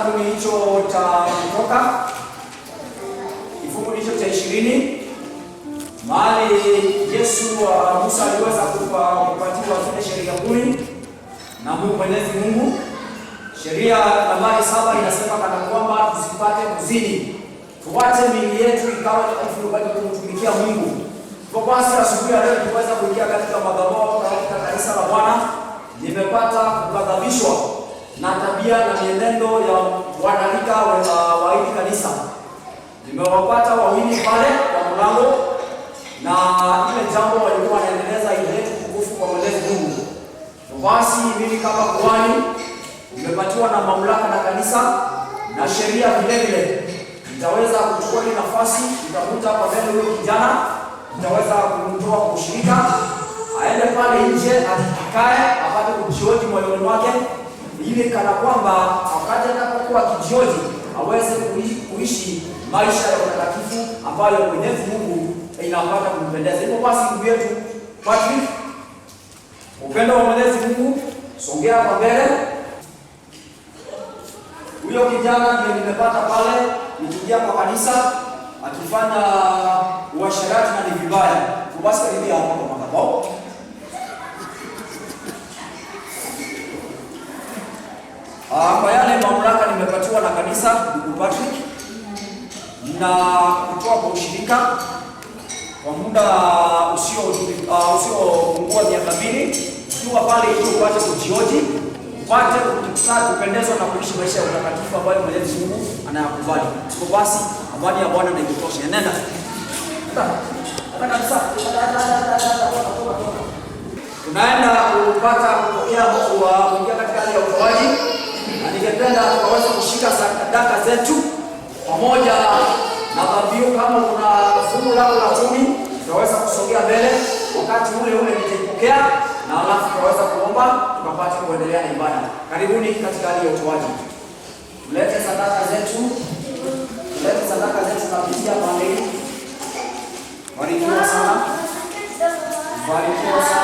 kifunguni hicho cha Kutoka, kifungu hicho cha ishirini mahali Yesu wa Musa aliweza kupatiwa zile sheria kumi na Mungu Mwenyezi Mungu. Sheria nambari saba inasema kana kwamba tusipate kuzini, tuwache miili yetu ikawa ifurubaki kumtumikia Mungu. Kwa basi asubuhi ya leo tuweza kuingia katika madhabahu katika kanisa la Bwana, nimepata kukadhabishwa na tabia na mienendo ya wanarika wa waidi kanisa. Nimewapata wawili pale kwa mlango, na ile jambo walikuwa wanaendeleza iletu tukufu kwa Mwenyezi Mungu. Basi mimi kama kuhani nimepatiwa na mamlaka na kanisa na sheria vile vile, nitaweza kuchukua ile nafasi, nitakuta kwa mbele huyo kijana, nitaweza kumtoa kushirika, aende pale nje, atakae apate kujioji moyoni mwake ile, kana kwamba wakati atakapokuwa kijioji aweze kuishi maisha ya utakatifu ambayo Mwenyezi Mungu inapata kumpendeza. Hivyo basi, ndugu yetu Patrick, upendo wa Mwenyezi Mungu, songea kwa mbele. Huyo kijana ndiye nimepata pale nikiingia kwa kanisa akifanya uasherati na ni vibaya. Basi karibia hapo kwa madhabahu. Uh, kwa yale mamlaka nimepatiwa na kanisa ndugu Patrick na kutoa kwa ushirika kwa muda usio uh, usiopungua miaka mbili ukiwa pale ili upate kujioji, upate kupendezwa na kuishi maisha ya utakatifu ambayo Mwenyezi Mungu anayakubali. Sio basi, amani ya Bwana na ikutoshe. Nenda unaenda kupata kupokea tunaenda tukaweza kushika sadaka zetu pamoja na dhabihu. Kama kuna fungu lao la kumi, tutaweza kusogea mbele wakati ule ule nitaipokea, na alafu tutaweza kuomba tukapate kuendelea na ibada. Karibuni katika hali ya utoaji, tulete sadaka zetu, tulete sadaka zetu na pia pande hii. Barikiwa sana, barikiwa sana.